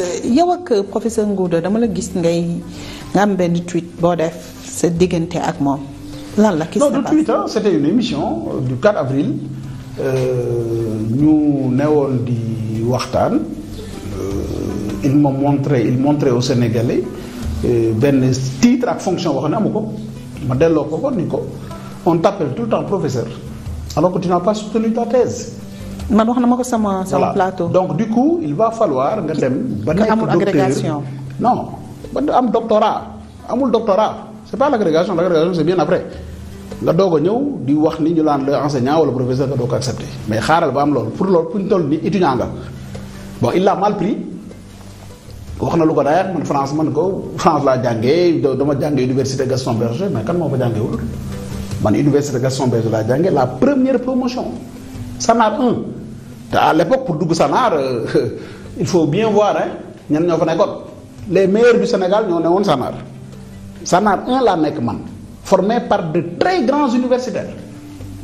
Eh, yow ak eh, professeur Ngouda dama la gis ngay nga am benn tweet boo def sa diggante ak moom lan la. non du tweet ah c'était une émission euh, du 4 avril euh, ñu ne newoon di waxtaan euh, il m'a montré il montrait aux Sénégalais benn titre ak fonction wax ne amu ma delloo ko ko ni ko on t'appelle tout temps professeur alors que tu n'as pas soutenu ta thèse. man wax na ma ko sama sama plateau. donc du coup il va falloir nga dem. ba nekk amul agrégation non ba am doctorat amul doctorat c' pas l' agrégation l' bien après. nga doog a ñëw di wax ni ñu laan la enseignant wala professeur nga doo ko accepté mais xaaral ba am loolu pour loolu pour ñu toll ni étudiant nga bon il l'a mal pris wax na lu ko daay man France man ko France laa jàngee dama jàngee université Gaston Berger mais kan moo fa jàngeewul man université Gaston Berger laa jàngee la première te à l'époque pour dugg Sanaar euh, il faut bien voir hein ñan ñoo fa nekkoon les meilleurs du Sénégal ñoo newoon Sanaar Sanaar un laa nekk man formé par de très grands universitaires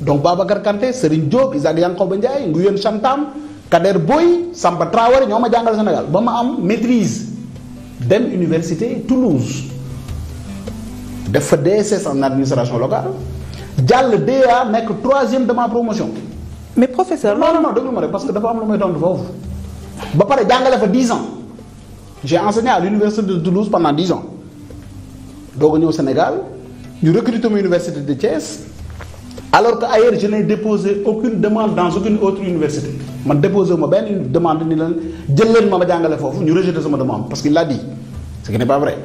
donc Babacar Kanté Serigne Diop Isaac Yankoba Ndiaye Nguyen Chantam Kader booy Samba Traoré ñoo ma jàngal Sénégal ba ma am maîtrise dem université Toulouse def fa DSS en administration locale jàll DEA nekk troisième de ma promotion. mais professeur non non non déglu ma rek parce que dafa am lu may tontu foofu ba pare jàngale fa 10 ans j'ai enseigné à l'université de Toulouse pendant 10 ans doog a ñëw Sénégal ñu recruté ma université de Thiès alors que ailleurs je n'ai déposé aucune demande dans aucune autre université man déposé ma benn demande ni leen jël leen ma ma jàngale foofu ñu rejeté sama demande parce qu'il l'a dit ce qui n'est pas vrai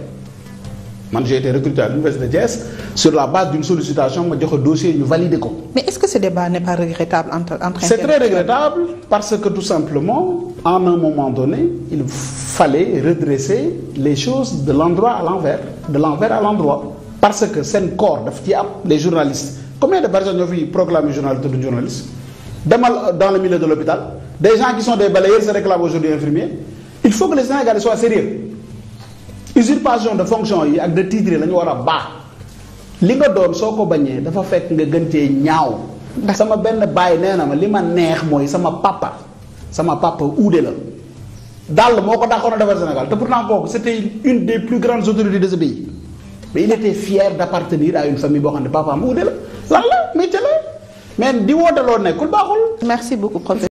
man j'ai été recruté à l'université de Thiès sur la base d'une sollicitation ma joxe dossier ñu validé ko. mais est-ce que ce débat n'est pas regrettable entre entre. c'est très regrettable parce que tout simplement en un moment donné il fallait redresser les choses de l'endroit à l'envers de l'envers à l'endroit parce que seen corps daf ci am les journalistes combien de personnes ñoo fi proclamé journaliste du journaliste demal dans le milieu de l'hôpital des gens qui sont des balayeurs se réclament aujourd'hui infirmiers il faut que les Sénégalais soient sérieux usurpation de fonction yi ak de titre la war a baax li nga doon soo ko bañee dafa fekk nga gën cee ñaaw. sama benn baay nee na ma li ma neex mooy sama papa sama papa uude la dàll moo ko dàqoon a defar Sénégal te naa kooku c' était une des plus grandes autorités de ce pays mais il était fier d' appartenir à une famille boo xam ne papaam uude la lan la métier la mais di woote loo nekkul baaxul.